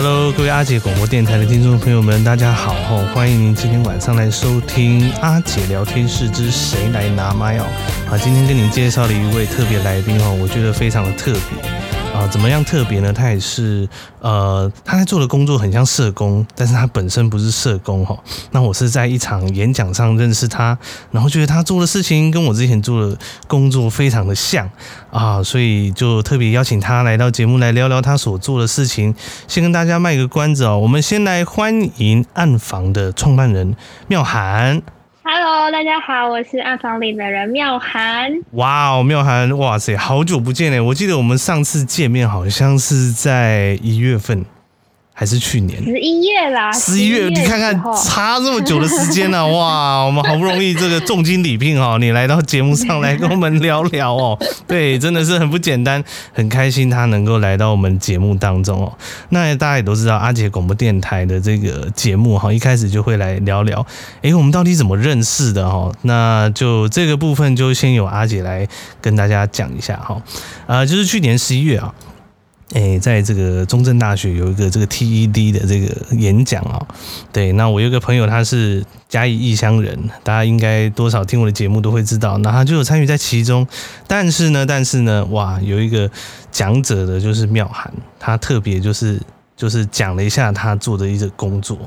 哈嘍，各位阿捷廣播電台的聽眾朋友們，大家好哈，歡迎您今天晚上來收聽阿捷聊天室之誰來拿 mic 啊！今天跟您介紹的一位特別來賓哦，我覺得非常的特別。怎麼樣特別呢？他也是，呃，他在做的工作很像社工，但是他本身不是社工齁。那我是在一場演講上認識他，然後覺得他做的事情跟我之前做的工作非常的像啊，所以就特別邀請他來到節目來聊聊他所做的事情。先跟大家賣個關子哦，我們先來歡迎暗房的創辦人妙涵。Hello，大家好，我是暗房裡的人妙涵。哇哦，妙涵，哇塞，好久不見誒！我記得我們上次見面好像是在一月份。還是去年十一月啦，十一月，你看看差這麼久的時間呢、啊，哇，我們好不容易這個重金禮聘哦，你來到節目上來跟我們聊聊哦， 對，真的是很不簡單，很開心他能夠來到我們節目當中哦。那大家也都知道阿捷廣播電台的這個節目哈，一開始就會來聊聊，誒、欸，我們到底怎麼認識的哈？那就這個部分就先由阿捷來跟大家講一下哈，呃，就是去年十一月啊。哎、欸，在這個中正大學有一個這個 TED 的這個演講哦、喔，對，那我有一個朋友，他是嘉義異鄉人，大家應該多少聽我的節目都會知道，那他就有參與在其中，但是呢，但是呢，哇，有一個講者的就是妙涵，他特別就是就是講了一下他做的一個工作，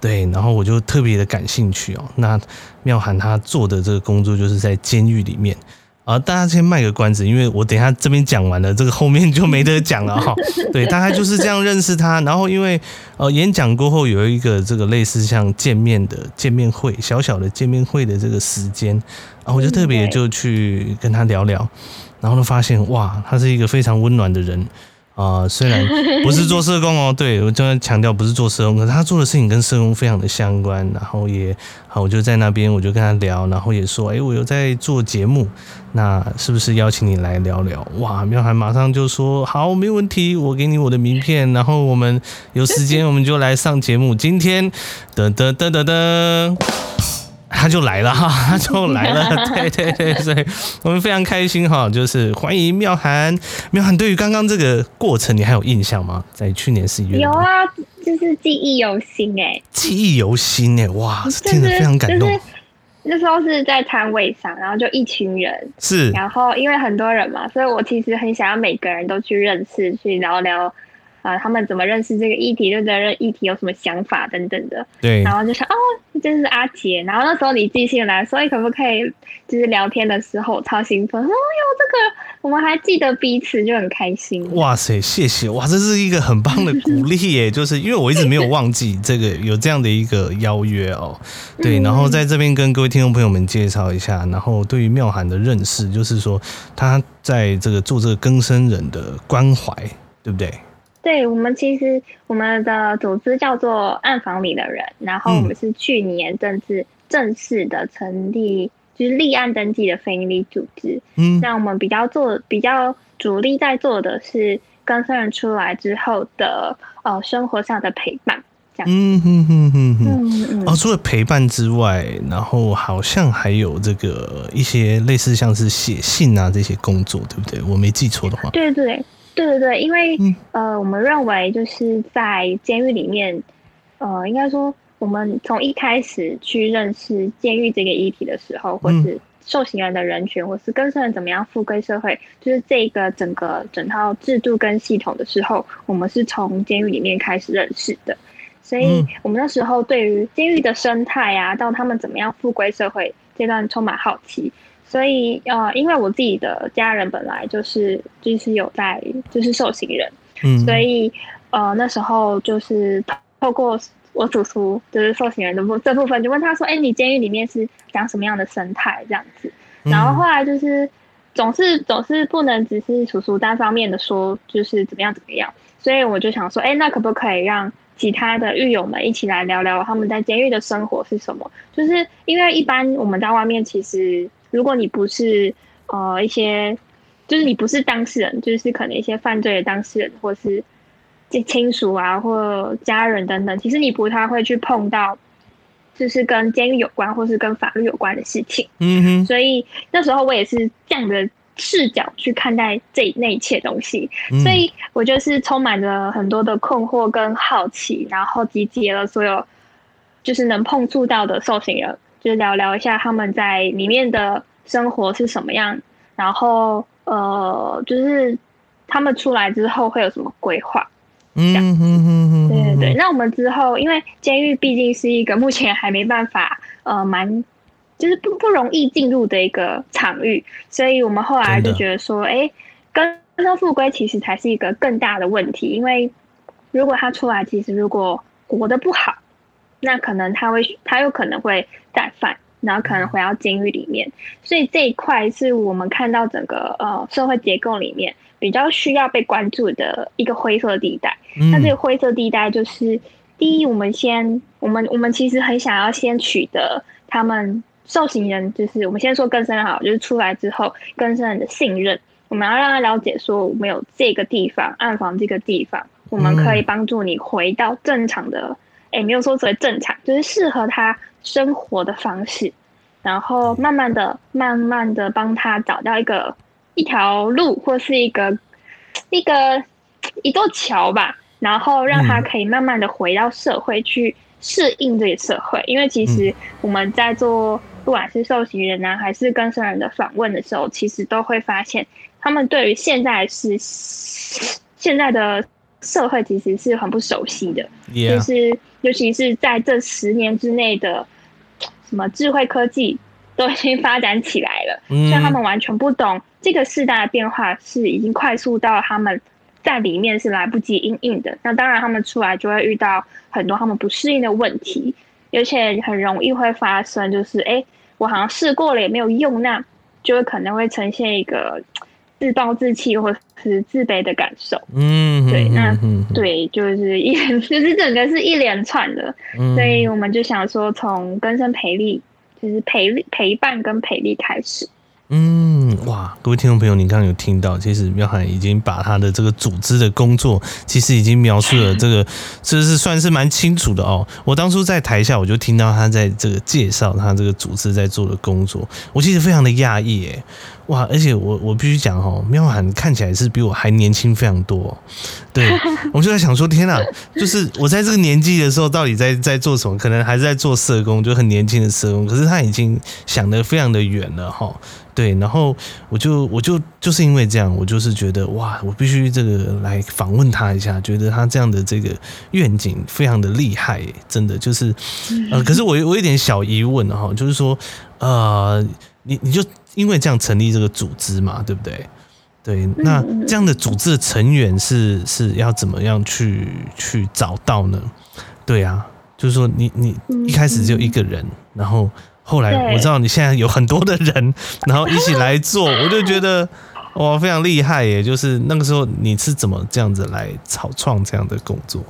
對，然後我就特別的感興趣哦、喔，那妙涵他做的這個工作就是在監獄裡面。啊，大家先賣個關子，因為我等一下這邊講完了，這個後面就沒得講了哈。對，大概就是這樣認識他。然後因為呃，演講過後有一個這個類似像見面的見面會，小小的見面會的這個時間，然後我就特別就去跟他聊聊。然後呢，發現哇，他是一個非常溫暖的人啊、呃。雖然不是做社工哦，對，我就要強調不是做社工，可是他做的事情跟社工非常的相關。然後也好，我就在那邊我就跟他聊，然後也說，哎、欸，我有在做節目。那是不是邀請你來聊聊？哇，妙涵馬上就說好，沒問題，我給你我的名片，然後我們有時間我們就來上節目。 今天噔噔噔噔噔，他就來了哈，他就來了，來了 對對對，所以我們非常開心哈，就是歡迎妙涵。妙涵對於剛剛這個過程，你還有印象嗎？在去年四月。有啊，就是記憶猶新誒，記憶猶新誒，哇，真的非常感動。就是就是那時候是在攤位上，然後就一群人，是，然後因為很多人嘛，所以我其實很想要每個人都去認識，去聊聊。啊，他們怎麼認識這個議題，對不對？議題有什麼想法等等的。對。然後就說、是、哦，這、就是阿杰。然後那時候你寄信來，所以可不可以？就是聊天的時候超興奮。哦喲，這個我們還記得彼此，就很開心。哇塞，謝謝哇，這是一個很棒的鼓勵耶。 就是因為我一直沒有忘記這個 有這樣的一個邀約哦。對。然後在這邊跟各位聽眾朋友們介紹一下。然後對於妙涵的認識，就是說他在這個做這個更生人的關懷，對不對？對，我們其實我們的組織叫做暗房裡的人，然後我們是去年正式正式的成立，就是立案登記的非盈利組織。嗯，那我們比較做比較主力在做的是更生人出來之後的呃生活上的陪伴，這樣子。嗯嗯嗯嗯嗯。哦，除了陪伴之外，然後好像還有這個一些類似像是寫信啊這些工作，對不對？我沒記錯的話。對對。對對對，因為、嗯、呃，我們認為就是在監獄裡面，呃，應該說，我們從一開始去認識監獄這個議題的時候，或是受刑人的人權、嗯、或是更生人怎麼樣復歸社會，就是這個整個整套制度跟系統的時候，我們是從監獄裡面開始認識的，所以我們那時候對於監獄的生態啊，到他們怎麼樣復歸社會這段充滿好奇。所以，呃，因為我自己的家人本來就是，就是有在，就是受刑人，嗯，所以，呃，那時候就是透過我叔叔，就是受刑人的部這部分，就問他說，哎、欸，你監獄裡面是長什麼樣的生態這樣子？然後後來就是總是總是不能只是叔叔單方面的說，就是怎麼樣怎麼樣，所以我就想說，哎、欸，那可不可以讓其他的獄友們一起來聊聊他們在監獄的生活是什麼？就是因為一般我們在外面其實。如果你不是呃，一些，就是你不是當事人，就是可能一些犯罪的當事人，或是這親屬啊或家人等等，其實你不太會去碰到，就是跟監獄有關或是跟法律有關的事情。嗯哼。所以那時候我也是這樣的視角去看待這那一切東西，嗯，所以我就是充滿着很多的困惑跟好奇，然後集結了所有就是能碰觸到的受刑人。就聊聊一下他們在裡面的生活是什麼樣，然後呃，就是他們出來之後會有什麼規劃，這樣子，嗯哼哼哼。對對對。那我們之後，因為監獄畢竟是一個目前還沒辦法呃，蠻就是不不容易進入的一個場域，所以我們後來就覺得說，哎，更生復歸其實才是一個更大的問題，因為如果他出來，其實如果活得不好。那可能他會，他有可能會再犯，然後可能回到監獄裡面，所以這一塊是我們看到整個呃社會結構裡面比較需要被關注的一個灰色地帶。那這個灰色地帶就是，第一，我們先，我們我們其實很想要先取得他們受刑人，就是我們先說更生人好，就是出來之後更生人的信任，我們要讓他了解說，我們有這個地方暗房這個地方，我們可以幫助你回到正常的。也、欸、沒有說所謂正常，就是適合他生活的方式，然後慢慢的、慢慢的幫他找到一個一條路，或是一個一個一座橋吧，然後讓他可以慢慢的回到社會去適應這個社會、嗯。因為其實我們在做不管是受刑人呢、啊，還是更生人的訪問的時候，其實都會發現他們對於現在是現在的社會其實是很不熟悉的，嗯、就是。尤其是在這十年之內的，什麼智慧科技都已經發展起來了，像他們完全不懂這個世代的變化，是已經快速到他們在裡面是來不及應應的。那當然，他們出來就會遇到很多他們不適應的問題，而且很容易會發生，就是哎、欸，我好像試過了也沒有用，那就會可能會呈現一個自暴自棄或是自卑的感受，嗯，對，那、嗯、對，就是一，就是整個是一連串的，嗯，所以我們就想說，從更生培力，就是培陪，陪伴跟培力開始。嗯，哇，各位聽眾朋友，你剛剛有聽到，其實妙涵已經把他的這個組織的工作，其實已經描述了這個，這、嗯就是算是蠻清楚的哦，喔。我當初在台下，我就聽到他在這個介紹他這個組織在做的工作，我其實非常的訝異、欸，哎。哇，而且我我必須講哈，妙涵看起來是比我還年輕非常多，對，我就在想說，天哪，就是我在這個年紀的時候，到底在在做什麼？可能還是在做社工，就很年輕的社工。可是他已經想得非常的遠了哈，對，然後我就我就就是因為這樣，我就是覺得哇，我必須這個來訪問他一下，覺得他這樣的這個願景非常的厲害，真的就是，呃，可是我我有點小疑問哈，就是說，呃，你你就。因為這樣成立這個組織嘛，對不對？對，那這樣的組織的成員是是要怎麼樣去去找到呢？對啊，就是說你你一開始只有一個人，嗯，然後後來我知道你現在有很多的人，然後一起來做，我就覺得哇，非常厲害耶！就是那個時候你是怎麼這樣子來草創這樣的工作？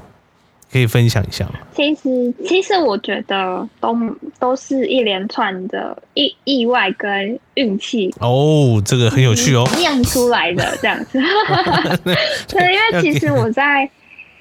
可以分享一下嗎？其實，其實我覺得都都是一連串的意意外跟運氣哦。這個很有趣哦，念出來的這樣子。 對，因為其實我在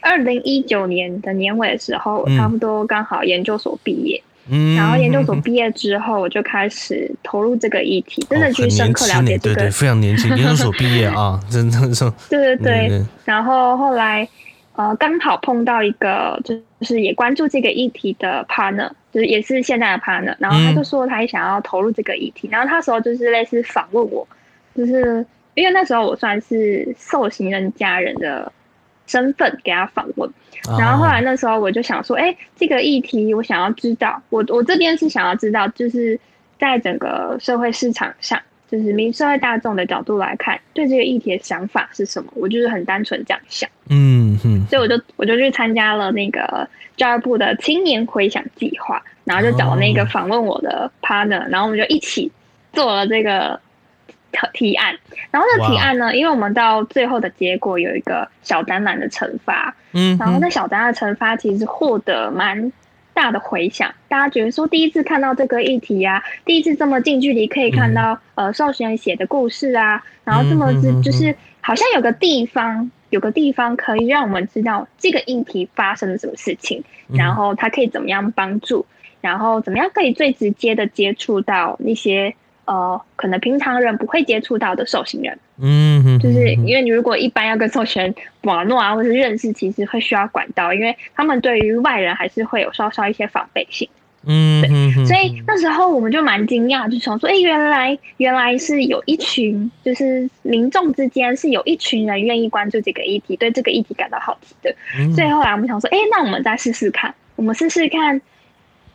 二零一九年的年尾的時候，我差不多剛好研究所畢業。嗯。然後研究所畢業之後，我就開始投入這個議題，嗯、哼哼真的去深刻了解這個、哦、很年輕耶,對對，非常年輕。研究所畢業啊， 真的是對對對、嗯。然後後來。呃，剛好碰到一個，就是也關注這個議題的 partner，就是也是現在的 partner，然後他就說他也想要投入這個議題、嗯，然後他時候就是類似訪問我，就是因為那時候我算是受刑人家人的身份給他訪問、啊，然後後來那時候我就想說，哎、欸，這個議題我想要知道，我我這邊是想要知道，就是在整個社會市場上。就是民社會大眾的角度來看，對這個議題的想法是什麼？我就是很單純這樣想，嗯所以我就我就去參加了那個教育部的青年迴響計劃，然後就找那個訪問我的 partner，、哦、然後我們就一起做了這個提提案。然後那提案呢，因為我們到最後的結果有一個小展覽的懲罰，嗯，然後那小展覽的懲罰其實獲得蠻。大的回響，大家覺得說，第一次看到這個議題呀、啊，第一次這麼近距離可以看到，嗯、呃，少先寫的故事啊，然後這麼嗯嗯嗯嗯嗯嗯就是好像有個地方，有個地方可以讓我們知道這個議題發生了什麼事情，然後他可以怎麼樣幫助，然後怎麼樣可以最直接的接觸到那些。呃，可能平常人不會接觸到的受刑人，嗯哼哼，就是因為你如果一般要跟受刑人往來啊，或者是認識，其實會需要管道，因為他們對於外人還是會有稍稍一些防備性，對，嗯哼哼，所以那時候我們就蠻驚訝，就想說，哎、欸，原來原來是有一群，就是民眾之間是有一群人願意關注這個議題，對這個議題感到好奇的，嗯、所以後來我們想說，哎、欸，那我們再試試看，我們試試看。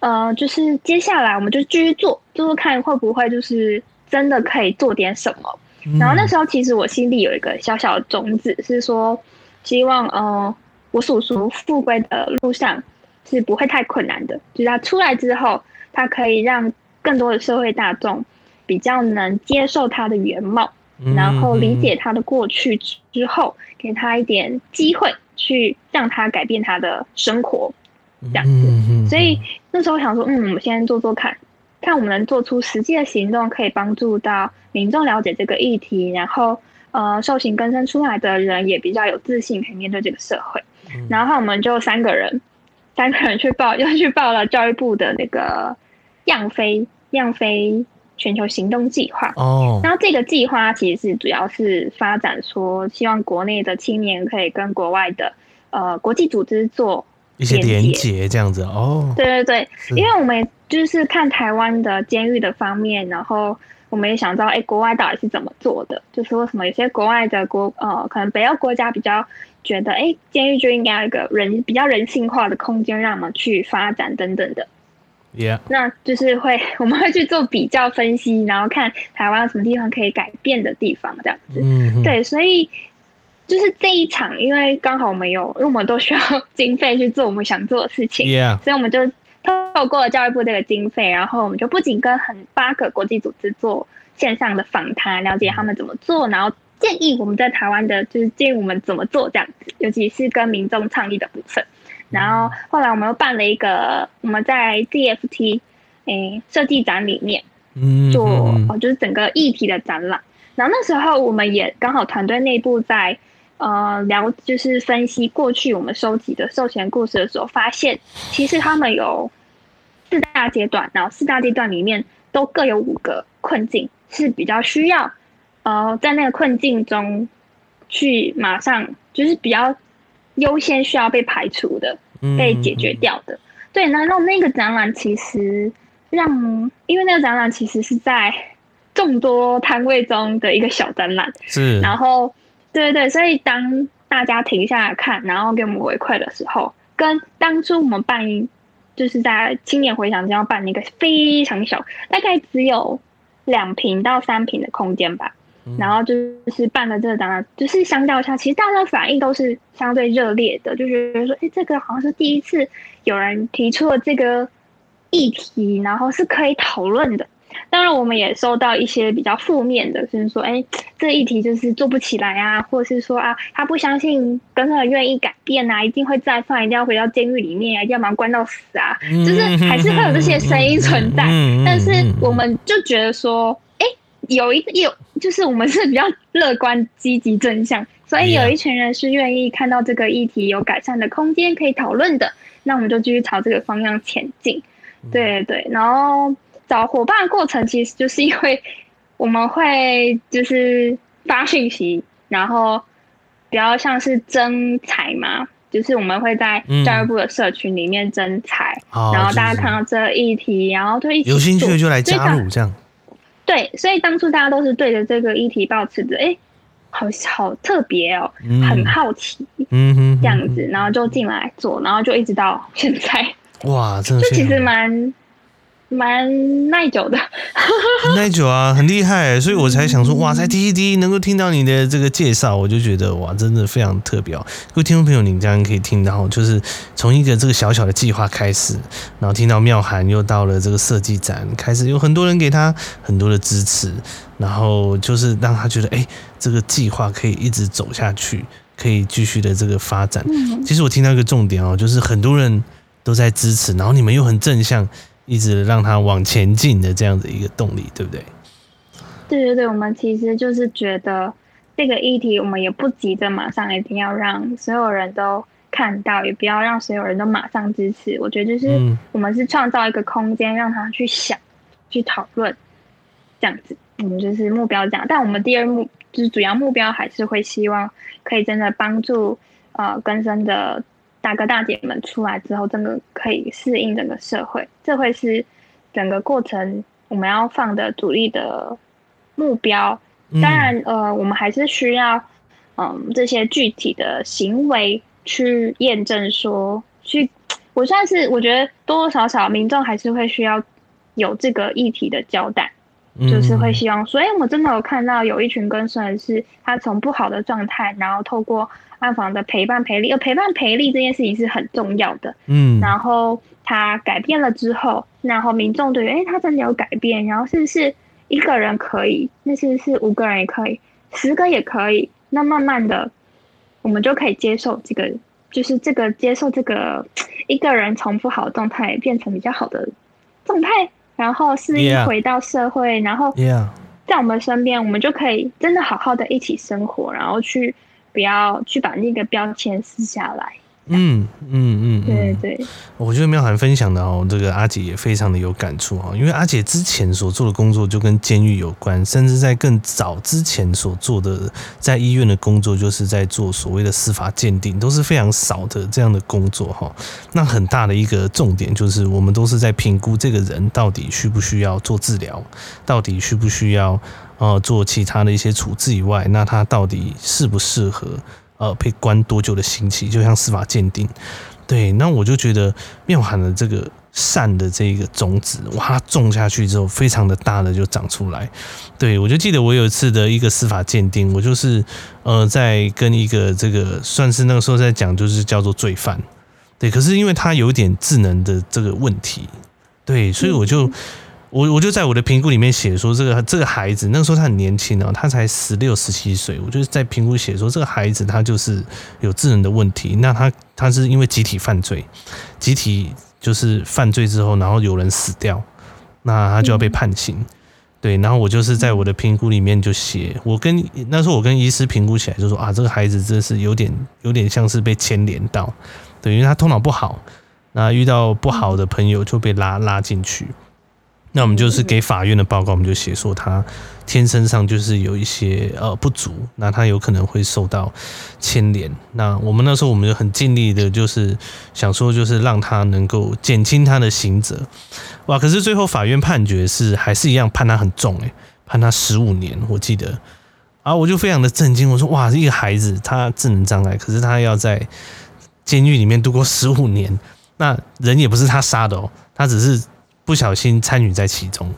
呃，就是接下來我們就繼續做，就是看會不會就是真的可以做點什麼。然後那時候其實我心裡有一個小小的種子，是說希望呃我叔叔復歸的路上是不會太困難的。就是他出來之後，他可以讓更多的社會大眾比較能接受他的原貌，然後理解他的過去之後，給他一點機會去讓他改變他的生活。這樣子，所以那時候想說，嗯，我們先做做看，看我們能做出實際的行動，可以幫助到民眾了解這個議題，然後，呃，受刑更生出來的人也比較有自信可以面對這個社會。然後我們就三個人，三個人去報，又去報了教育部的那個“樣飛樣飛全球行動計劃”。哦，然後這個計劃其實是主要是發展說，希望國內的青年可以跟國外的呃國際組織做。一些連接這樣子哦，對對對，因為我們就是看台灣的監獄的方面，然後我們也想知道，哎、欸，國外到底是怎麼做的？就是為什麼有些國外的國呃，可能北歐國家比較覺得，哎、欸，監獄就應該有一個人比較人性化的空間，讓我們去發展等等的。Yeah. 那就是會我們會去做比較分析，然後看台灣有什麼地方可以改變的地方這樣子。嗯哼，對，所以。就是這一場，因為剛好沒有，因為我們都需要經費去做我們想做的事情，所以我們就透過教育部這個經費，然後我們就不僅跟很八個國際組織做線上的訪談，了解他們怎麼做，然後建議我們在台灣的，就是建議我們怎麼做這樣子，尤其是跟民眾倡議的部分。然後後來我們又辦了一個，我們在 DFT 哎設計展裡面做哦，就是整個議題的展覽。然後那時候我們也剛好團隊內部在。呃，聊就是分析過去我們收集的授權故事的時候，發現其實他們有四大階段，然後四大階段裡面都各有五個困境，是比較需要呃，在那個困境中去馬上就是比較優先需要被排除的，嗯哼哼、被解決掉的。對，然後那個展覽其實讓，因為那個展覽其實是在眾多攤位中的一個小展覽，是，然後。對對，所以當大家停下來看，然後給我們回饋的時候，跟當初我們辦，就是在青年回想這樣辦一個非常小，大概只有兩坪到三坪的空間吧、嗯，然後就是辦了這檔，就是相較一下，其實大家的反應都是相對熱烈的，就是說，哎，這個好像是第一次有人提出了這個議題，然後是可以討論的。當然，我們也收到一些比較負面的，就是說，欸，這個議題就是做不起來啊，或者是說啊，他不相信，根本願意改變啊，一定會再犯，一定要回到監獄裡面啊，一定要把他關到死啊，就是還是會有這些聲音存在。但是，我們就覺得說，欸，有一有，就是我們是比較樂觀、積極、正向，所以有一群人是願意看到這個議題有改善的空間，可以討論的。那我們就繼續朝這個方向前進。對對對，然後。找夥伴的過程其實就是因為我們會就是發訊息，然後比較像是徵才嘛，就是我們會在教育部的社群裡面徵才，嗯，然後大家看到這、議題，看到這議題，然後對有興趣就來加入這樣、這個。對，所以當初大家都是對着這個議題抱持着，哎、欸，好好特別哦、喔嗯，很好奇，嗯哼，這樣子，嗯、哼哼哼哼哼然後就進來做，然後就一直到現在。哇，這其實蠻。蠻耐久的，很耐久啊，很厲害，所以我才想說，哇塞 TED 能夠聽到你的這個介紹，我就覺得哇，真的非常特別哦。各位聽眾朋友，你這樣可以聽到，就是從一個這個小小的計劃開始，然後聽到妙涵又到了這個設計展，開始有很多人給他很多的支持，然後就是讓他覺得，哎，這個計劃可以一直走下去，可以繼續的這個發展。其實我聽到一個重點哦，就是很多人都在支持，然後你們又很正向。一直讓他往前進的這樣的一個動力，對不對？對對對，我們其實就是覺得這個議題，我們也不急着馬上一定要讓所有人都看到，也不要讓所有人都馬上支持。我覺得就是我們是創造一個空間，讓他去想、去討論，這樣子。我們就是目標這樣。但我們第二目就是主要目標，還是會希望可以真的幫助呃更生的。大哥大姐們出來之後，真的可以適應整個社會。這會是整個過程我們要放的主力的目標。嗯、當然，呃，我們還是需要，嗯、呃，這些具體的行為去驗證說，去。我算是我覺得多多少少民眾還是會需要有這個議題的交代。就是會希望，所以我真的有看到有一群更生是他從不好的狀態，然後透過暗房的陪伴陪力，呃，陪伴陪力這件事情是很重要的。嗯，然後他改變了之後，然後民眾對於，哎、欸，他真的有改變，然後是不是一個人可以，那是不是五個人也可以，十個也可以，那慢慢的，我們就可以接受這個，就是這個接受這個一個人從不好的狀態變成比較好的狀態。然後事業回到社會，yeah. 然後在我們身邊，我們就可以真的好好的一起生活，然後去不要去把那個標籤撕下來。嗯嗯嗯，對對，我覺得妙涵分享的哦，這個阿捷也非常的有感觸哈。因為阿捷之前所做的工作就跟監獄有關，甚至在更早之前所做的在醫院的工作，就是在做所謂的司法鑑定，都是非常少的這樣的工作哈。那很大的一個重點就是，我們都是在評估這個人到底需不需要做治療，到底需不需要呃做其他的一些處置以外，那他到底適不適合？呃，被關多久的刑期，就像司法鑑定，對，那我就覺得妙涵的這個善的這一個種子，哇，種下去之後非常的大的就長出來。對，我就記得我有一次的一個司法鑑定，我就是呃在跟一個這個算是那個時候在講，就是叫做罪犯，對，可是因為他有點智能的這個問題，對，所以我就。嗯我我就在我的評估裡面寫說，這個這個孩子那個時候他很年輕啊、喔，他才十六十七歲。我就是在評估寫說，這個孩子他就是有智能的問題。那他他是因為集體犯罪，集體就是犯罪之後，然後有人死掉，那他就要被判刑。嗯、對，然後我就是在我的評估裡面就寫，我跟那時候我跟醫師評估起來就說啊，這個孩子真的是有點有點像是被牽連到，對，因為他頭腦不好，那遇到不好的朋友就被拉拉進去。那我們就是給法院的報告，我們就寫說他天生上就是有一些呃不足，那他有可能會受到牽連。那我們那時候我們就很盡力的，就是想說就是讓他能夠減輕他的刑責。哇！可是最後法院判決是還是一樣判他很重誒，判他十五年。我記得啊，我就非常的震驚，我說哇，一個孩子他智能障礙，可是他要在監獄裡面度過十五年，那人也不是他殺的哦，他只是。不小心參與在其中，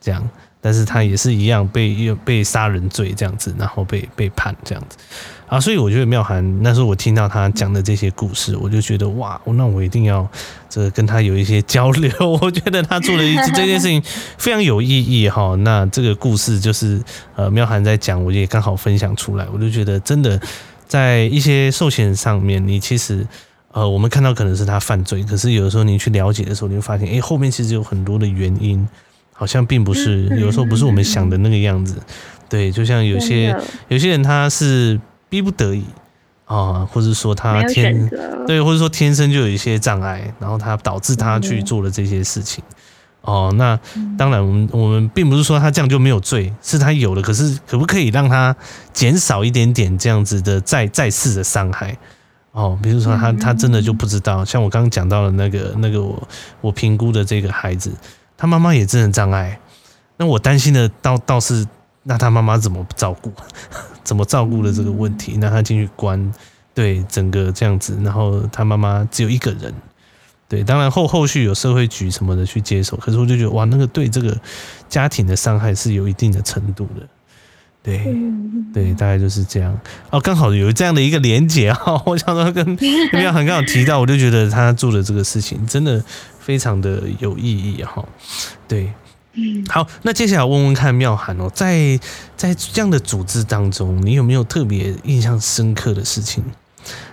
這樣，但是他也是一樣被又被殺人罪這樣子，然後被被判這樣子啊，所以我覺得妙涵，那時候我聽到他講的這些故事，我就覺得哇，那我一定要這個跟他有一些交流。我覺得他做了一這件事情非常有意義哈。 那這個故事就是呃，妙涵在講，我也剛好分享出來，我就覺得真的在一些受刑人上面，你其實。呃，我們看到可能是他犯罪，可是有的時候你去了解的時候，你會發現，哎、欸，後面其實有很多的原因，好像並不是、嗯、有的時候不是我們想的那個樣子。嗯、對，就像有些、啊、有些人他是逼不得已啊、呃，或者說他天對，或者說天生就有一些障礙，然後他導致他去做了這些事情。哦、嗯呃，那當然，我們我們並不是說他這樣就沒有罪，是他有的，可是可不可以讓他減少一點點這樣子的再再次的傷害？哦，比如說他他真的就不知道，像我剛剛講到的那個那個我我評估的這個孩子，他媽媽也智能障礙，那我擔心的倒倒是那他媽媽怎麼不照顧，怎麼照顧的這個問題，讓他進去關，對整個這樣子，然後他媽媽只有一個人，對，當然後後續有社會局什麼的去接手，可是我就覺得哇，那個對這個家庭的傷害是有一定的程度的。對，對，大概就是這樣哦。剛好有這樣的一個連結哈、哦，我想到跟妙涵剛好提到，我就覺得他做的這個事情真的非常的有意義哈、哦。對，嗯，好，那接下來問問看妙涵哦，在在這樣的組織當中，你有沒有特別印象深刻的事情？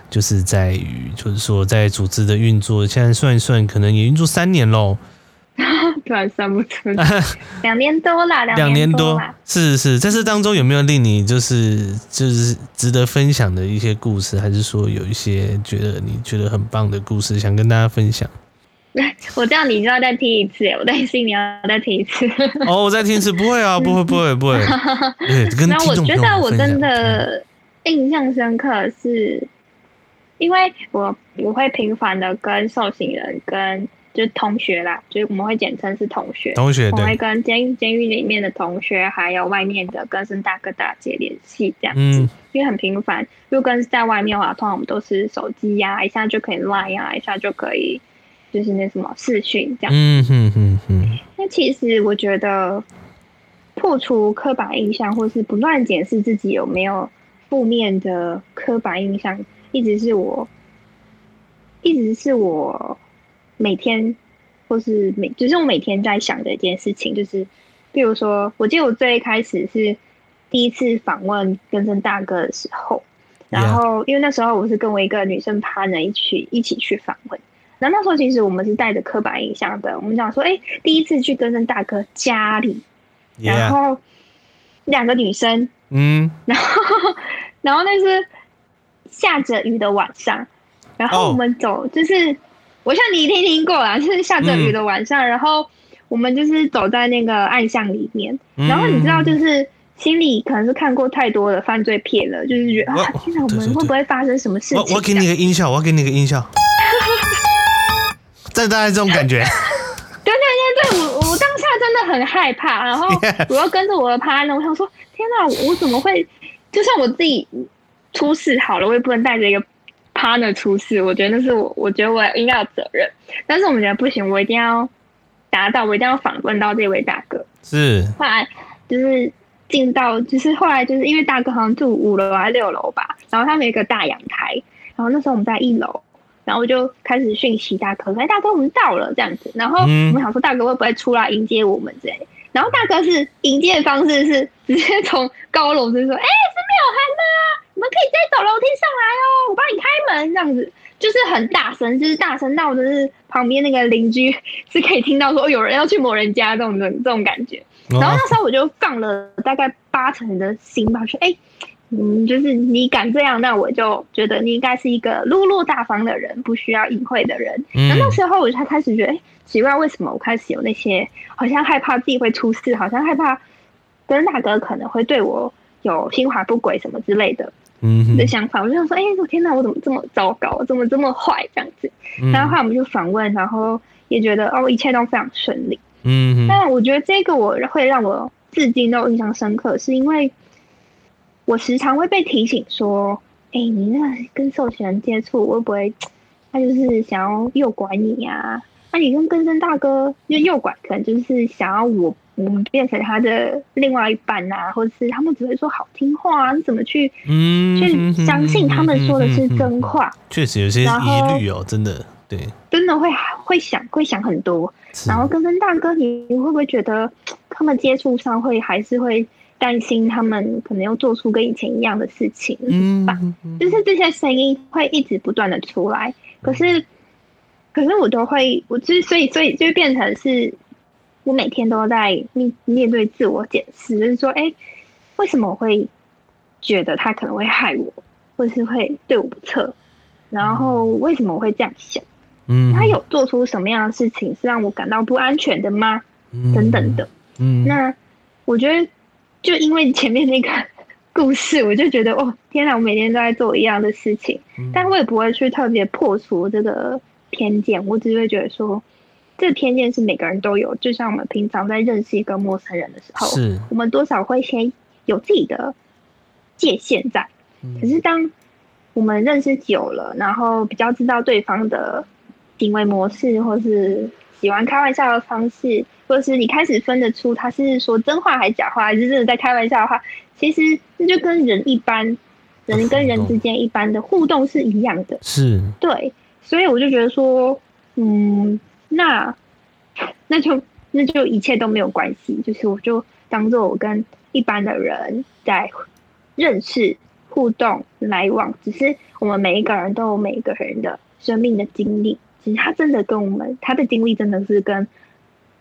就是在於，就是說在組織的運作，現在算一算，可能也運作三年嘍。突然想不出？兩年多了。兩年多， 年多。是是，在這當中有沒有令你就是就是值得分享的一些故事，還是說有一些覺得你覺得很棒的故事想跟大家分享？ 我這樣，你要再聽一次？ oh, 我擔心，你要再聽一次？哦，我再聽一次，不會啊，不會，不會，不會。 那我覺得我真的印象深刻是，是因為我我會頻繁的跟受刑人跟。就同學啦，所以我們會簡稱是同學。同學，對。我會跟監監獄裡面的同學，還有外面的更生大哥大姐聯繫，這樣子，嗯、因為很頻繁。如果跟在外面的話，通常我們都是手機呀、啊，一下就可以 Line 呀，一下就可以，就是那什麼視訊這樣。嗯哼哼哼。那、嗯嗯嗯、其實我覺得，破除刻板印象，或是不斷檢視自己有沒有負面的刻板印象，一直是我，一直是我。每天，或是每，就是我每天在想的一件事情，就是，比如說，我記得我最一開始是第一次訪問更生大哥的時候，然後、yeah. 因為那時候我是跟我一個女生 partner 一起一起去訪問，然後那時候其實我們是帶着刻板印象的，我們想說，哎、欸，第一次去更生大哥家裡，然後兩、yeah. 個女生，嗯、mm.，然後然後那是下着雨的晚上，然後我們走，oh. 就是。我像你一天聽過了，就是下着雨的晚上，嗯，然後我們就是走在那個暗巷裡面，嗯，然後你知道，就是心裡可能是看過太多的犯罪片了，就是覺得、啊，天哪，我們會不會發生什麼事情？對對對。我？我給你一個音效，我給你一個音效，在 在這種感覺。 對，對對對，對我我當下真的很害怕，然後我又跟着我的 partner，我想說天哪我，我怎麼會？就算我自己出事好了，我也不能帶着一個。他的出事，我覺得那是我，我覺得我應該有責任。但是我們覺得不行，我一定要達到，我一定要訪問到這位大哥。是，後來就是進到，就是後來就是因為大哥好像住五樓還六樓吧，然後他們有一個大陽台，然後那時候我們在一樓，然後我就開始訊息大哥，哎，大哥我們到了這樣子，然後我們想說大哥會不會出來迎接我們之類的，然後大哥是迎接的方式是直接從高樓就說，哎、欸，是妙涵吶。你們可以直接走樓梯上來哦，我幫你開門。這樣子就是很大聲，就是大聲鬧，就是旁邊那個鄰居是可以聽到說有人要去某人家這種的這種感覺。然後那時候我就放了大概八成的心吧，說哎、欸，嗯，就是你敢這樣，那我就覺得你應該是一個落落大方的人，不需要隱晦的人。那那時候我就開始覺得、欸、奇怪，為什麼我開始有那些好像害怕自己會出事，好像害怕跟大哥可能會對我。有心懷不軌什麼之類的、嗯、的想法，我就想說，哎、欸，我天哪，我怎麼這麼糟糕，怎麼這麼壞這樣子？然後後來我們就訪問，然後也覺得哦，一切都非常順利。嗯，但我覺得這個我會讓我至今都印象深刻，是因為我時常會被提醒說，哎、欸，你那跟受刑人接觸會不會，他、啊、就是想要誘拐你呀、啊？那、啊、你跟更生大哥就誘拐，可能就是想要我。我們變成他的另外一半啊，或是他們只會說好聽話、啊，你怎麼去、嗯、去相信他們說的是真話？嗯嗯嗯嗯、確實有些疑慮哦、喔，真的，對，真的會會想會想很多。然後跟跟大哥，你會不會覺得他們接觸上會還是會擔心他們可能又做出跟以前一樣的事情吧？嗯，就是這些聲音會一直不斷的出來，可是可是我都會，我之所以所以所以就變成是。我每天都在面面對自我檢視，就是說，哎、欸，為什麼我會覺得他可能會害我，或是會對我不測？然後為什麼我會這樣想？嗯，他有做出什麼樣的事情是讓我感到不安全的嗎？嗯、等等的，嗯，那我覺得就因為前面那個故事，我就覺得哦，天哪！我每天都在做一樣的事情，嗯、但我也不會去特別破除這個偏見，我只會覺得說。這個偏見是每個人都有，就像我們平常在認識一個陌生人的時候，是，我們多少會先有自己的界限在、嗯。可是當我們認識久了，然後比較知道對方的行為模式，或是喜歡開玩笑的方式，或是你開始分得出他是說真話還是假話，還是真的在開玩笑的話，其實這就跟人一般、啊，人跟人之間一般的互動是一樣的。是，對，所以我就覺得說，嗯。那，那就那就一切都沒有關係，就是我就當做我跟一般的人在認識、互動、來往。只是我們每一個人都有每一個人的生命的經歷，其實他真的跟我們他的經歷真的是跟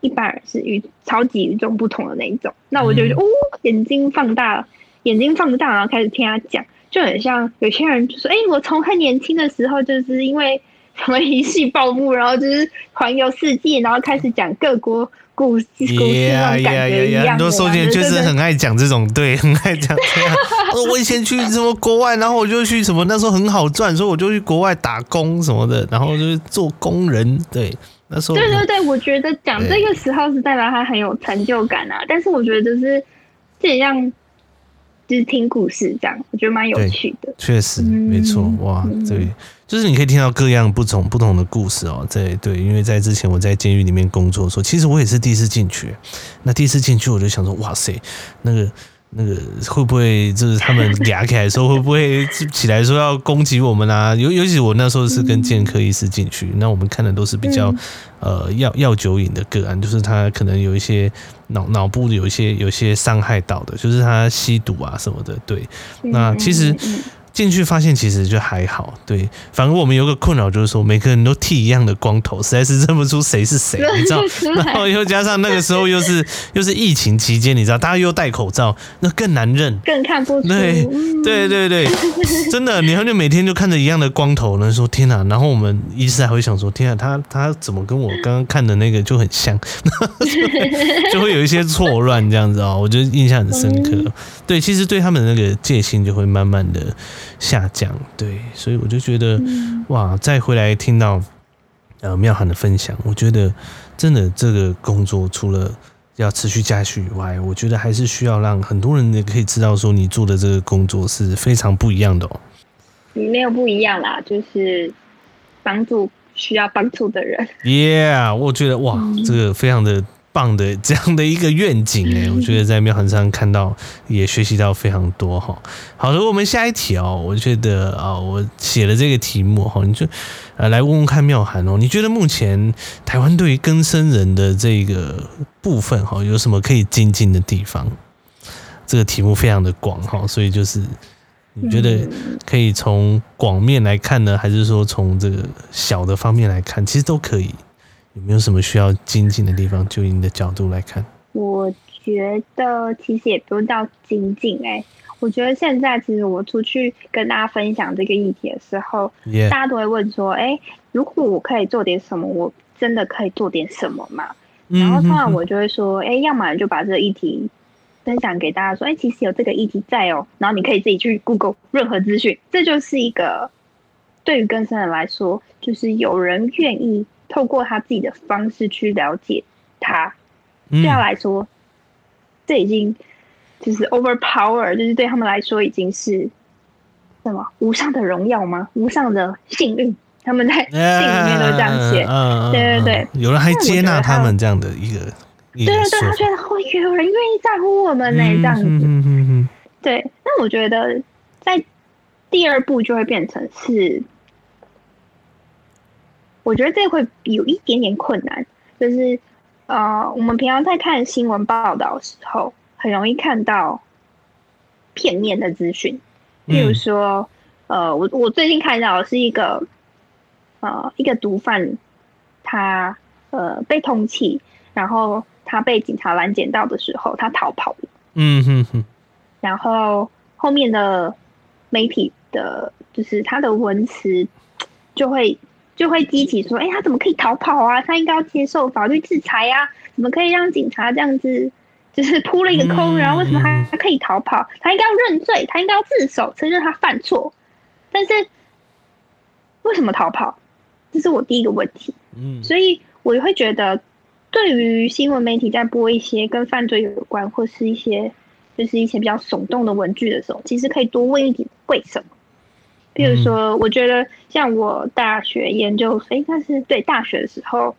一般人是與超級與眾不同的那一種。那我就哦，眼睛放大了，眼睛放大了，然後開始聽他講，就很像有些人就說：“哎、欸，我從很年輕的時候就是因為。”什麼一夕暴富，然後就是環遊世界，然後開始講各國故事，yeah, 故呀，那呀，感覺很多受刑人就是很愛講這種，對，很愛講。這樣、 哦。我以前去什麼國外，然後我就去什麼那時候很好賺，所以我就去國外打工什麼的，然後就是做工人。對，那時候對，對對對，我覺得講這個10號時候是代表他很有成就感啊。但是我覺得就是這樣。就是聽故事這樣，我覺得蠻有趣的。確實，沒錯，嗯，哇，對，嗯,就是你可以聽到各樣不同不同的故事哦，喔。在對，對，因為在之前我在監獄裡面工作的時候，其實我也是第一次進去。那第一次進去，我就想說，哇塞，那個。那個會不會就是他們倆起來的時候，會不會起來說要攻擊我們啊？尤尤其我那時候是跟建科醫師進去、嗯，那我們看的都是比較、嗯、呃藥藥酒癮的個案，就是他可能有一些腦腦部有一些有一些傷害到的，就是他吸毒啊什麼的。對，那其實。進去發現其實就還好，對，反而我們有個困擾就是說，每個人都剃一樣的光頭，實在是認不出誰是誰，你知道？然後又加上那個時候又是又是疫情期間，你知道，大家又戴口罩，那更難認，更看不出。對，對對對，對，真的，然後就每天就看着一樣的光頭，呢說天哪，啊？然後我們醫生還會想說，天哪，啊，他他怎麼跟我剛剛看的那個就很像？就，就，就會有一些錯亂這樣子啊，喔，我就印象很深刻。對，其實對他們的那個戒心就會慢慢的。下降，對，所以我就覺得，嗯、哇，再回來聽到呃妙涵的分享，我覺得真的這個工作除了要持續下去以外，我覺得還是需要讓很多人也可以知道說你做的這個工作是非常不一樣的哦、喔。你沒有不一樣啦，就是幫助需要幫助的人。Yeah，我覺得哇、嗯，這個非常的。棒的這樣的一個願景哎，我覺得在妙涵上看到也學習到非常多哈。好了，我們下一題哦，我覺得啊，我寫了這個題目哈，你就呃來問問看妙涵哦，你覺得目前台灣對於更生人的這個部分哈，有什麼可以精進的地方？這個題目非常的廣哈，所以就是你覺得可以從廣面來看呢，還是說從這個小的方面來看，其實都可以。有沒有什麼需要精進的地方？就以你的角度來看，我覺得其實也不用到精進哎、欸。我覺得現在其實我出去跟大家分享這個議題的時候，Yeah. 大家都會問說：“誒、欸，如果我可以做點什麼，我真的可以做點什麼嘛？” Mm-hmm. 然後的話，我就會說：“誒、欸，要麼就把這個議題分享給大家，說：誒、欸，其實有這個議題在哦、喔，然後你可以自己去 Google 任何資訊。”這就是一個對於更生人來說，就是有人願意。透過他自己的方式去了解他，對、嗯、他來說，這已經就是 overpower，就是對他們來說已經是什麼無上的榮耀嗎？無上的幸運？他們在信裡面都這樣寫，啊啊啊啊啊啊，對對對，有人還接納他們這樣的一個，對對對，對他覺得會有人願意在乎我們呢、欸，嗯、這樣子、嗯，對。那我覺得在第二步就會變成是。我覺得這會有一點點困難，就是，呃，我們平常在看新聞報道的時候，很容易看到片面的資訊。譬如說、嗯，呃，我我最近看到是一個，呃，一個毒販他呃被通緝，然後他被警察攔截到的時候，他逃跑了。嗯哼哼。然後後面的媒體的，就是他的文詞就會。就會激起說，哎、欸，他怎麼可以逃跑啊？他應該要接受法律制裁啊！怎麼可以讓警察這樣子，就是撲了一個空、嗯？然後為什麼他可以逃跑、嗯嗯？他應該要認罪，他應該要自首，承認他犯錯。但是為什麼逃跑？這是我第一個問題。嗯，所以我會覺得，對於新聞媒體在播一些跟犯罪有關，或是一些就是一些比較聳動的文具的時候，其實可以多問一點為什麼。比如說，我覺得像我大學研究生應該是對大學的時候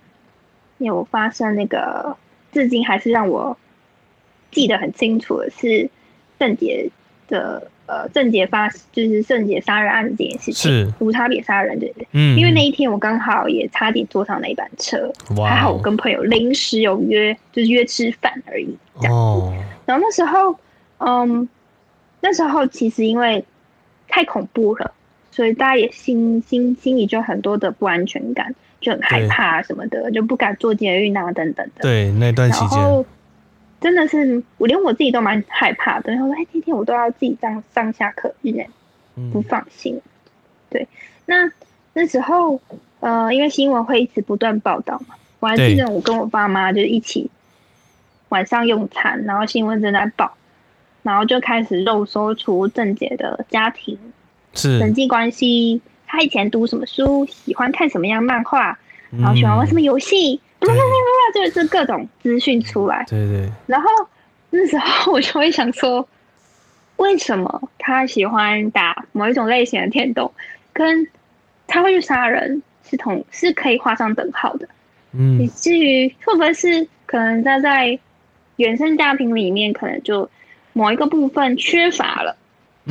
有發生那個，至今還是讓我記得很清楚的是的，鄭捷的呃，鄭捷發就是鄭捷殺人案這件事情，是無差別殺人對不對？嗯。因為那一天我剛好也差點坐上那一班車，哇！還好我跟朋友臨時有約，就是約吃飯而已，這樣、哦、然後那時候，嗯，那時候其實因為太恐怖了。所以大家也心心心裡就很多的不安全感，就很害怕什麼的，就不敢坐捷運吶等等的。對，那段時間，然後真的是我連我自己都蠻害怕的。我說：“哎，天天我都要自己上上下課，有、嗯、點不放心。”對，那那時候呃，因為新聞會一直不斷報道嘛，我還記得我跟我爸媽就一起晚上用餐，然後新聞正在報，然後就開始肉搜出鄭捷的家庭。是人際關係，他以前讀什麼書，喜歡看什麼樣漫畫、嗯，然後喜歡玩什麼遊戲、嗯，就是各種資訊出來。對對、對。然後那時候我就會想說，為什麼他喜歡打某一種類型的電動，跟他會去殺人是同是可以畫上等號的。嗯。以至於會不會是可能他在原生家庭裡面，可能就某一個部分缺乏了。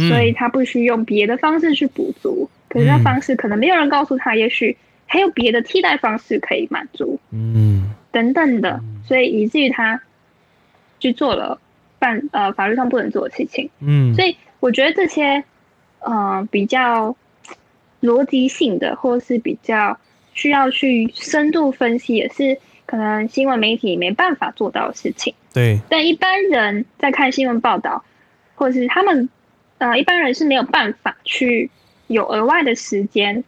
所以他必須用別的方式去補足、嗯，可是他方式可能沒有人告訴他，也許還有別的替代方式可以滿足，嗯，等等的，所以以至於他去做了辦，呃法律上不能做的事情，嗯，所以我覺得這些，嗯、呃，比較邏輯性的，或是比較需要去深度分析，也是可能新聞媒體沒辦法做到的事情，對，但一般人在看新聞報道，或是他們。呃，一般人是沒有辦法去有額外的時間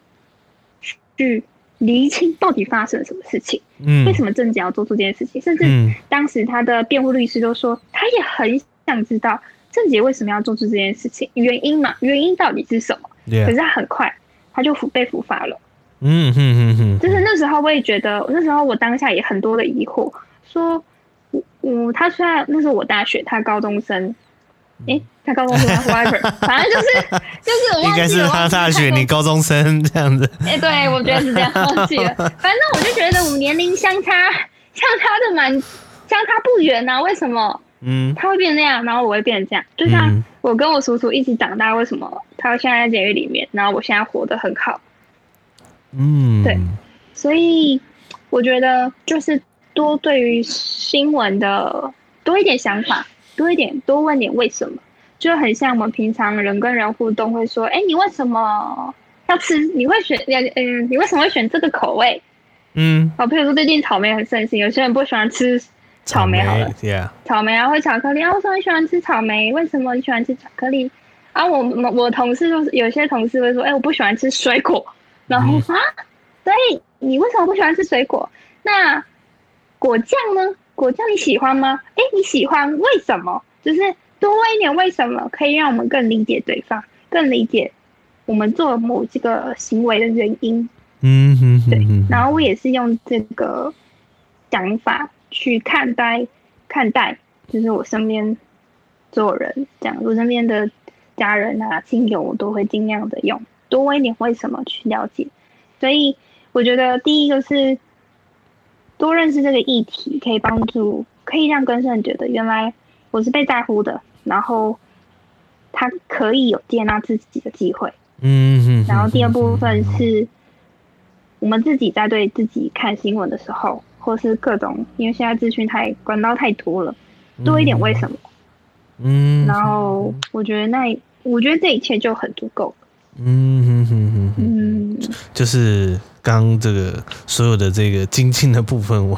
去理清到底發生了什麼事情。為什麼鄭捷要做這件事情？嗯、甚至當時他的辯護律師都說，他也很想知道鄭捷為什麼要做出這件事情，原因嘛，原因到底是什麼？Yeah. 可是他很快他就被伏法了。嗯嗯嗯嗯，就是那時候我也覺得，那時候我當下也很多的疑惑，說，我、嗯、我他雖然那時候我大學，他高中生，欸他高中生，反正就是就是我，應該是他大學，你高中生這樣子。哎、欸，對，我覺得是這樣，忘記了。反正我就覺得我們年齡相差相差的蠻，相差不遠吶、啊。為什麼？嗯，他會變那樣，然後我會變這樣。就像我跟我叔叔一起長大、嗯，為什麼他會現在在監獄裡面，然後我現在活得很好？嗯，對。所以我覺得就是多對於新聞的多一點想法，多一點，多問點為什麼。就很像我們平常人跟人互動會說：“哎、欸，你為什麼要吃？你會選……嗯，你為什麼會選這個口味？”嗯，好，比如說最近草莓很盛行，有些人不喜歡吃草莓，好了，草莓，yeah. 草莓啊，或巧克力啊，我說你喜歡吃草莓？為什麼你喜歡吃巧克力？啊，我我，我同事就是有些同事會說：“哎、欸，我不喜歡吃水果。”然後啊，所、嗯、以你為什麼不喜歡吃水果？那果醬呢？果醬你喜歡嗎？哎、欸，你喜歡？為什麼？就是。多問一點為什麼，可以讓我們更理解對方，更理解我們做某幾個行為的原因。嗯哼哼哼，對。然後我也是用這個想法去看待看待，就是我身邊做人講我身邊的家人啊、親友，我都會盡量的用多問一點為什麼去了解。所以我覺得第一個是多認識這個議題，可以幫助可以讓更生覺得原來我是被在乎的。然後他可以有接納自己的機會。嗯嗯、嗯。然後第二部分是我們自己在對自己看新聞的時候，或是各種，因為現在資訊太管道太多了，多一點為什麼？嗯。嗯，然後我覺得那我覺得這一切就很足夠。嗯哼哼哼哼。嗯，就是剛、剛這個所有的這個精進的部分，我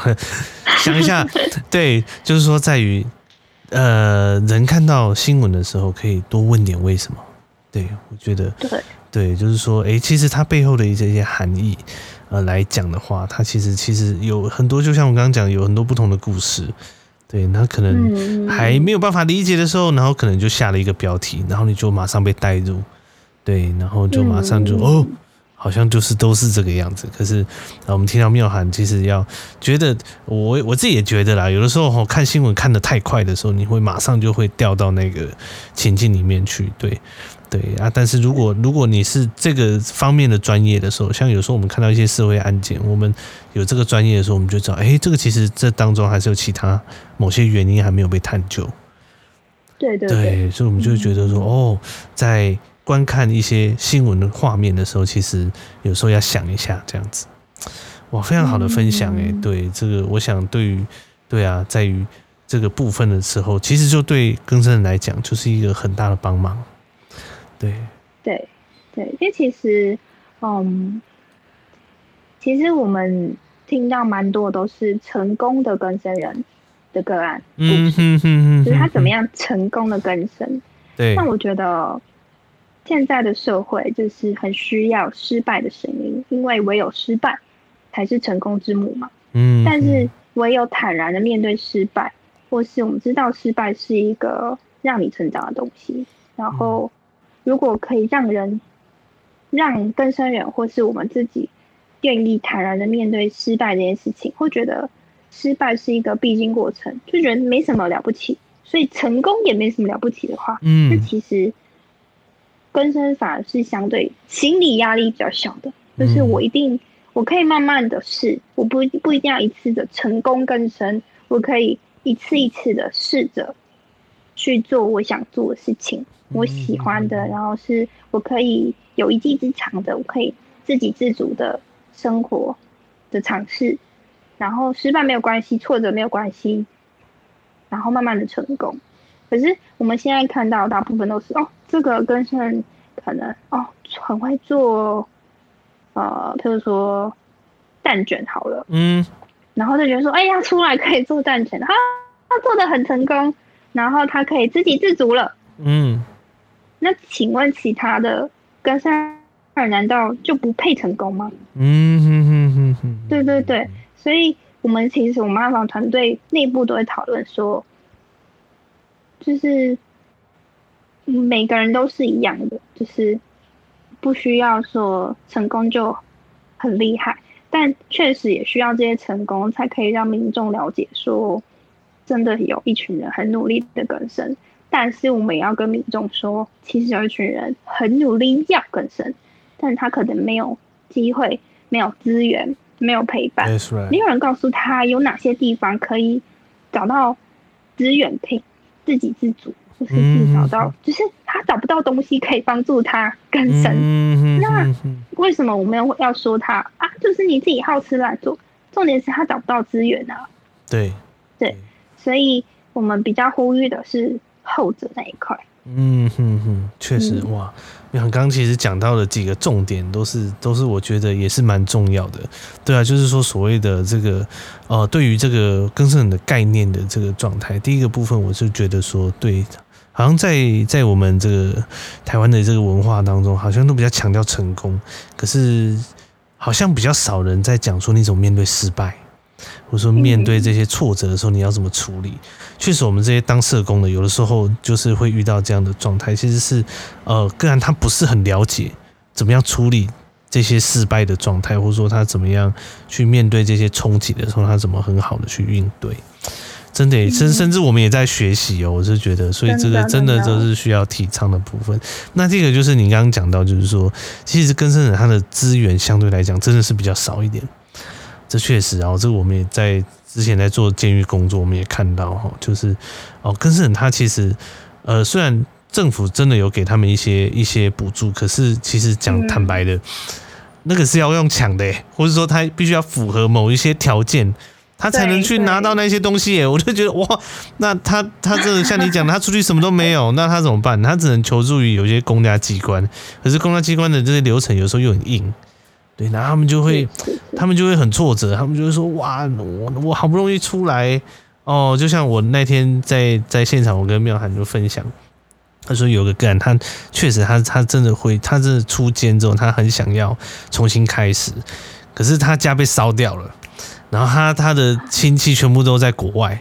想一下， 對，就是說在於。呃，人看到新聞的時候，可以多問點為什麼？對，我覺得，對對，就是說，誒、欸，其實它背後的一些些含義，呃，來講的話，它其實其實有很多，就像我剛剛講，有很多不同的故事，對，那可能還沒有辦法理解的時候、嗯，然後可能就下了一個標題，然後你就馬上被帶入，對，然後就馬上就、嗯、哦。好像就是都是這個樣子，可是啊，我們聽到妙涵其實要覺得，我我自己也覺得啦。有的時候看新聞看得太快的時候，你會馬上就會掉到那個情境裡面去，對對啊。但是如果如果你是這個方面的專業的時候，像有時候我們看到一些社會案件，我們有這個專業的時候，我們就知道，誒、欸，這個其實這當中還是有其他某些原因還沒有被探究。對對對，對所以我們就覺得說，嗯、哦，在。觀看一些新聞的畫面的時候，其實有時候要想一下，這樣子哇，非常好的分享哎、欸嗯。對這個，我想對於對啊，在於這個部分的時候，其實就對更生人來講，就是一個很大的幫忙。對對對，因為其實嗯，其實我們聽到蠻多都是成功的更生人的個案，嗯哼哼哼，就是他怎麼樣成功的更生。對，那我覺得。現在的社會就是很需要失敗的聲音，因為唯有失敗才是成功之母嘛，嗯。嗯，但是唯有坦然的面對失敗，或是我們知道失敗是一個讓你成長的東西，然後如果可以讓人、嗯、讓更生人，或是我們自己願意坦然的面對失敗這件事情，會覺得失敗是一個必經過程，就覺得沒什麼了不起，所以成功也沒什麼了不起的話，嗯，那其實。根生法是相對心理壓力比較小的，就是我一定我可以慢慢的試，我不不一定要一次的成功更生，我可以一次一次的試着去做我想做的事情，我喜歡的、嗯，然後是我可以有一技之長的，我可以自己自主的生活的嘗試，然後失敗沒有關係，挫折沒有關係，然後慢慢的成功。可是我們現在看到大部分都是哦。這個更生人可能哦，很會做，呃，譬如說蛋卷好了，嗯，然後就覺得說，哎呀，出來可以做蛋卷，他、啊、他做的很成功，然後他可以自給自足了，嗯。那請問其他的更生人難道就不配成功嗎？嗯嗯嗯嗯嗯， 對對、對所以我們其實我們暗房團隊內部都會討論說，就是。每個人都是一樣的，就是不需要說成功就很厲害，但確實也需要這些成功才可以讓民眾了解，說真的有一群人很努力的更生，但是我們也要跟民眾說，其實有一群人很努力要更生，但他可能沒有機會，沒有資源，沒有陪伴，沒有人告訴他有哪些地方可以找到資源可以自給自足。就是自己找到、嗯，就是他找不到東西可以幫助他更生、嗯。那為什麼我們要要說他啊？就是你自己好吃懶做。重點是他找不到資源啊。對對，所以我們比較呼籲的是後者那一塊。嗯哼哼，確實哇，你剛剛其實講到的幾個重點，都是都是我覺得也是蠻重要的。對啊，就是說所謂的這個，呃，對於這個更生人的概念的這個狀態，第一個部分，我是覺得說，對，好像在在我們這個台灣的這個文化當中，好像都比較強調成功，可是好像比較少人在講說那種面對失敗。或者說面對這些挫折的時候，你要怎麼處理？確實，我們這些當社工的，有的時候就是會遇到這樣的狀態。其實是，呃，個人他不是很了解怎麼樣處理這些失敗的狀態，或者說他怎麼樣去面對這些衝擊的時候，他怎麼很好的去應對？真的，甚甚至我們也在學習哦。我是覺得，所以這個真的就是需要提倡的部分。那這個就是你剛剛講到，就是說，其實更生人他的資源相對來講，真的是比較少一點。這確實，然後這個我們也在之前在做監獄工作，我們也看到哈，就是哦，更生人他其實呃，雖然政府真的有給他們一些一些補助，可是其實講坦白的，那個是要用搶的，或者說他必須要符合某一些條件，他才能去拿到那些東西。我就覺得哇，那他他這個像你講， 他出去什麼都沒有，那他怎麼辦？他只能求助於有一些公家機關，可是公家機關的這些流程有時候又很硬。對，然後他們就會，他們就會很挫折，他們就會說，哇，我我好不容易出來，哦，就像我那天在在現場，我跟妙涵就分享，他說有個個案，他確實他他真的會，他真的出監之後，他很想要重新開始，可是他家被燒掉了，然後他他的親戚全部都在國外。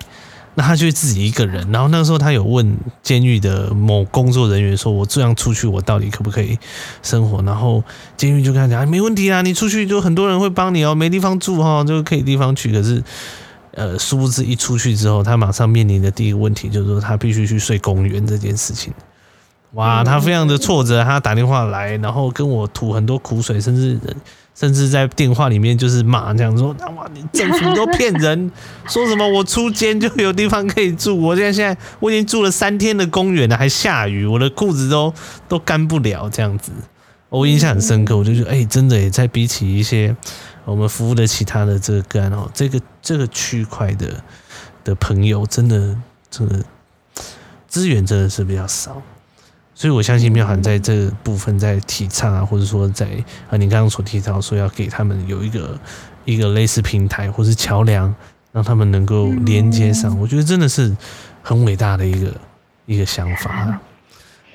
那他就自己一個人，然後那個時候他有問監獄的某工作人員說：“我這樣出去，我到底可不可以生活？”然後監獄就跟他講，哎，“沒問題啊，你出去就很多人會幫你哦，沒地方住哈、哦，就可以地方去。”可是，呃，殊不知一出去之後，他馬上面臨的第一個問題就是說，他必須去睡公園這件事情。哇，他非常的挫折，他打電話來，然後跟我吐很多苦水，甚至。甚至在電話裡面就是罵，講說他媽，你政府都騙人，說什麼我出監就有地方可以住，我現在現在我已經住了三天的公園了，還下雨，我的褲子都都乾不了這樣子。我印象很深刻，我就覺得哎、欸，真的也在比起一些我們服務的其他的這個個案哦，這個這個區塊的的朋友真的，真的這個資源真的是比較少。所以，我相信妙涵在這個部分在提倡啊，或者說在啊，你剛剛所提到說要給他們有一個一個類似平台或是橋樑，讓他們能夠連接上，我覺得真的是很偉大的一個一個想法。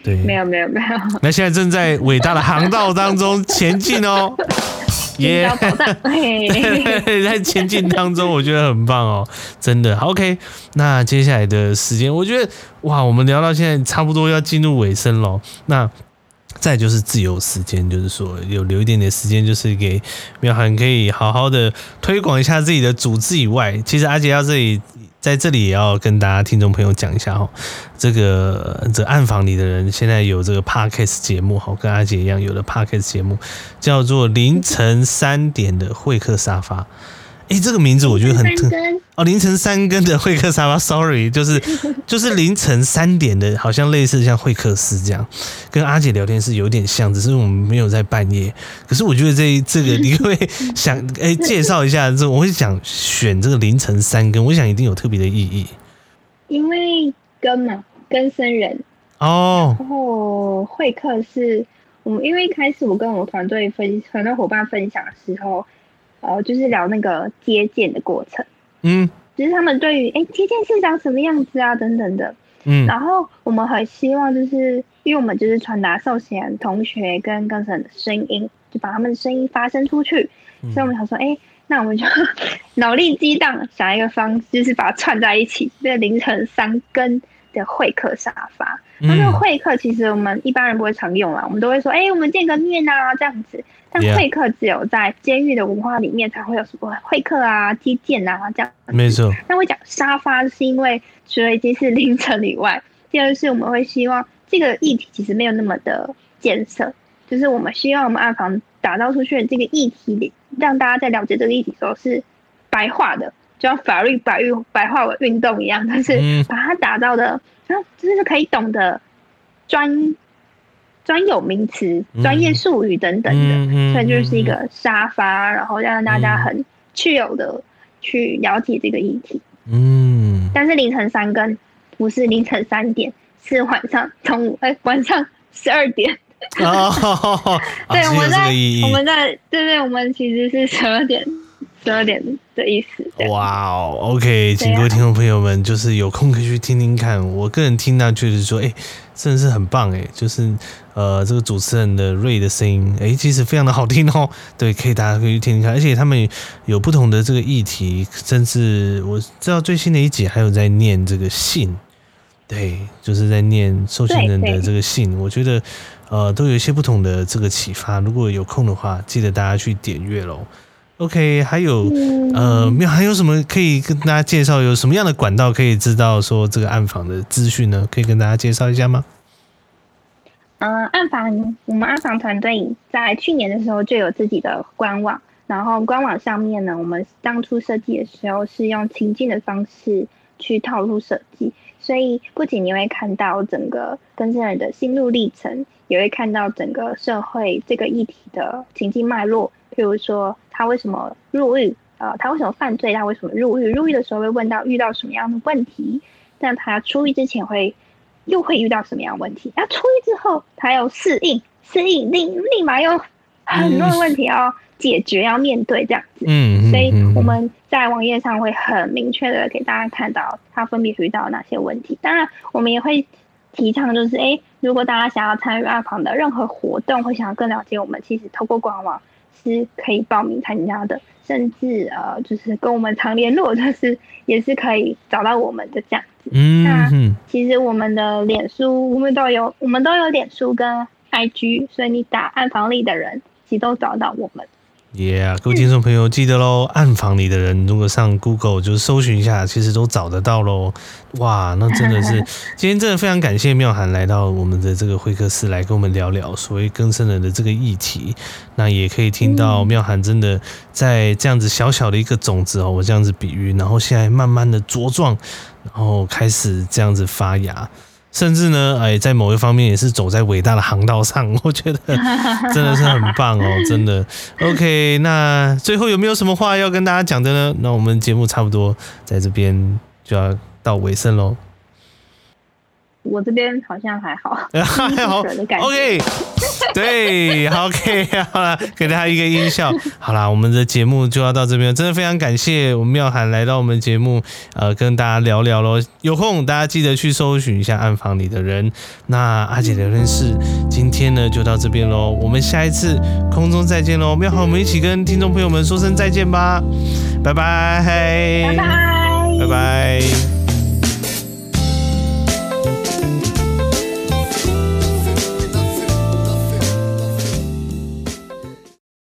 對，沒有沒有沒有，那現在正在偉大的航道當中前進哦。 遇、yeah, 對 在前進當中，我覺得很棒哦、喔，真的。OK，那接下來的時間，我覺得哇，我們聊到現在差不多要進入尾聲咯，那再就是自由時間，就是說有留一點點時間，就是給妙涵可以好好的推廣一下自己的組織以外，其實阿杰到這裡。在這裡也要跟大家聽眾朋友講一下哦，這個這暗房裡的人現在有這個 podcast 節目哈，跟阿捷一樣，有的 podcast 節目叫做凌晨三點的會客沙發。哎、欸，這個名字我覺得很特哦，凌晨三更的會客沙发，Sorry，就是就是凌晨三點的，好像類似像會客室這樣，跟阿捷聊天室有點像，只是我們沒有在半夜。可是我覺得這這個你可不可以想哎、欸，介紹一下這，我會想選這個凌晨三更，我想一定有特別的意義，因為更嘛，更生人哦，然後會客室，我因為一開始我跟我團隊分團隊夥伴分享的時候。呃，就是聊那個接見的過程，嗯，就是他們對於哎接見是長什麼樣子啊等等的，嗯，然後我們很希望就是因為我們就是傳達受刑同學跟剛才的聲音，就把他們的聲音發聲出去，嗯，所以我們想說，哎，那我們就腦力激盪想一個方式，就是把它串在一起，就凌晨三更。的會客沙发，那個會客。其實我們一般人不會常用啦，嗯，我們都會說，哎，欸，我們見個面啊，這樣子。但會客只有在監獄的文化裡面才會有什麼會客啊，擊劍啊這樣子。沒錯。那我講沙發是因為，除了已經是凌晨以外，第,就,二是我們會希望這個議題其實沒有那麼的艱澀。就是我們希望我們暗房打造出去的這個議題裡，讓大家在了解這個議題的時候是白話的。就像法律白運白話文運動一樣，但是把它打造的它、嗯、就是可以懂得專專有名詞、專、嗯、業術語等等的、嗯，所以就是一個沙發，嗯、然後讓大家很具有的去了解這個議題。嗯，但是凌晨三更不是凌晨三點，是晚上中午哎、欸，晚上十二點。哦。啊、 對，我們在、啊、這我們在對，對，對我們其實是十二點。十二點的意思。哇哦、wow,，OK，請各位聽眾朋友們、啊，就是有空可以去聽聽看。我個人聽到就是說，哎，真的是很棒哎，就是呃，這個主持人的瑞的聲音，哎，其實非常的好聽哦。對，可以大家可以去聽一下，而且他們有不同的這個議題，甚至我知道最新的一集還有在念這個信，對，就是在念受信人的這個信。我覺得呃，都有一些不同的這個啟發。如果有空的話，記得大家去點閱嘍。OK，還有、嗯、呃，沒有還有什麼可以跟大家介紹？有什麼樣的管道可以知道說這個暗房的資訊呢？可以跟大家介紹一下嗎？呃，暗房我們暗房團隊在去年的時候就有自己的官網，然後官網上面呢，我們當初設計的時候是用情境的方式去套路設計，所以不僅你會看到整個更生人的心路歷程，也會看到整個社會這個議題的情境脈絡，譬如說。他為什麼入獄？呃，他為什麼犯罪？他為什麼入獄？入獄的時候會問到遇到什麼樣的問題？那他出獄之前會又會遇到什麼樣的問題？他出獄之後，他要適應，適應立立馬又很多的問題要解決，嗯，要面對這樣子。嗯，嗯，所以我們在網頁上會很明確的給大家看到他分別遇到哪些問題。當然，我們也會提倡，就是誒、欸，如果大家想要參與暗房的任何活動，會想要更了解我們，其實透過官網。是可以報名參加的，甚至呃，就是跟我們常聯絡，但是也是可以找到我們的這樣子。嗯、那其實我們的臉書我們都有，我們都有臉書跟 IG，所以你打暗房裡的人，其實都找到我們。耶、yeah, 各位聽眾朋友，記得嘍，暗房裡的人如果上 Google 就搜尋一下，其實都找得到嘍。哇，那真的是今天真的非常感謝妙涵來到我們的這個會客室來跟我們聊聊所謂更生人的這個議題。那也可以聽到妙涵真的在這樣子小小的一個種子哦，我這樣子比喻，然後現在慢慢的茁壯，然後開始這樣子發芽。甚至呢，哎，在某一方面也是走在偉大的航道上，我覺得真的是很棒哦，真的。OK，那最後有沒有什麼話要跟大家講的呢？那我們節目差不多在這邊就要到尾聲嘍。我這邊好像還好， 還好 okay. 對，OK，好。對，OK，好了，給大家一個音效，好了，我們的節目就要到這邊，真的非常感謝我們妙涵來到我們節目，呃，跟大家聊聊嘍。有空大家記得去搜尋一下暗房裡的人。那阿捷聊天室今天呢就到這邊嘍，我們下一次空中再見嘍，妙涵我們一起跟聽眾朋友們說聲再見吧，拜，拜拜，拜拜。